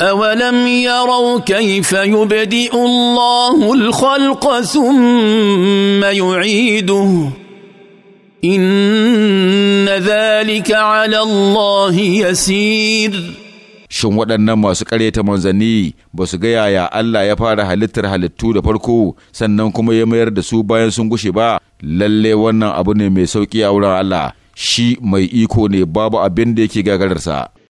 أولم يروا كيف يبدئ الله الخلق ثم يعيده إن ذلك على الله يسير Shin waɗannan masu ƙaryata manzanni ba su gaya ya Allah ya fara halittar halittu da farko sannan kuma ya mayar da su bayan sun gushe ba, lalle wannan abu ne mai sauƙi a wurin Allah, shi mai iko ne babu abin da yake gagararsa.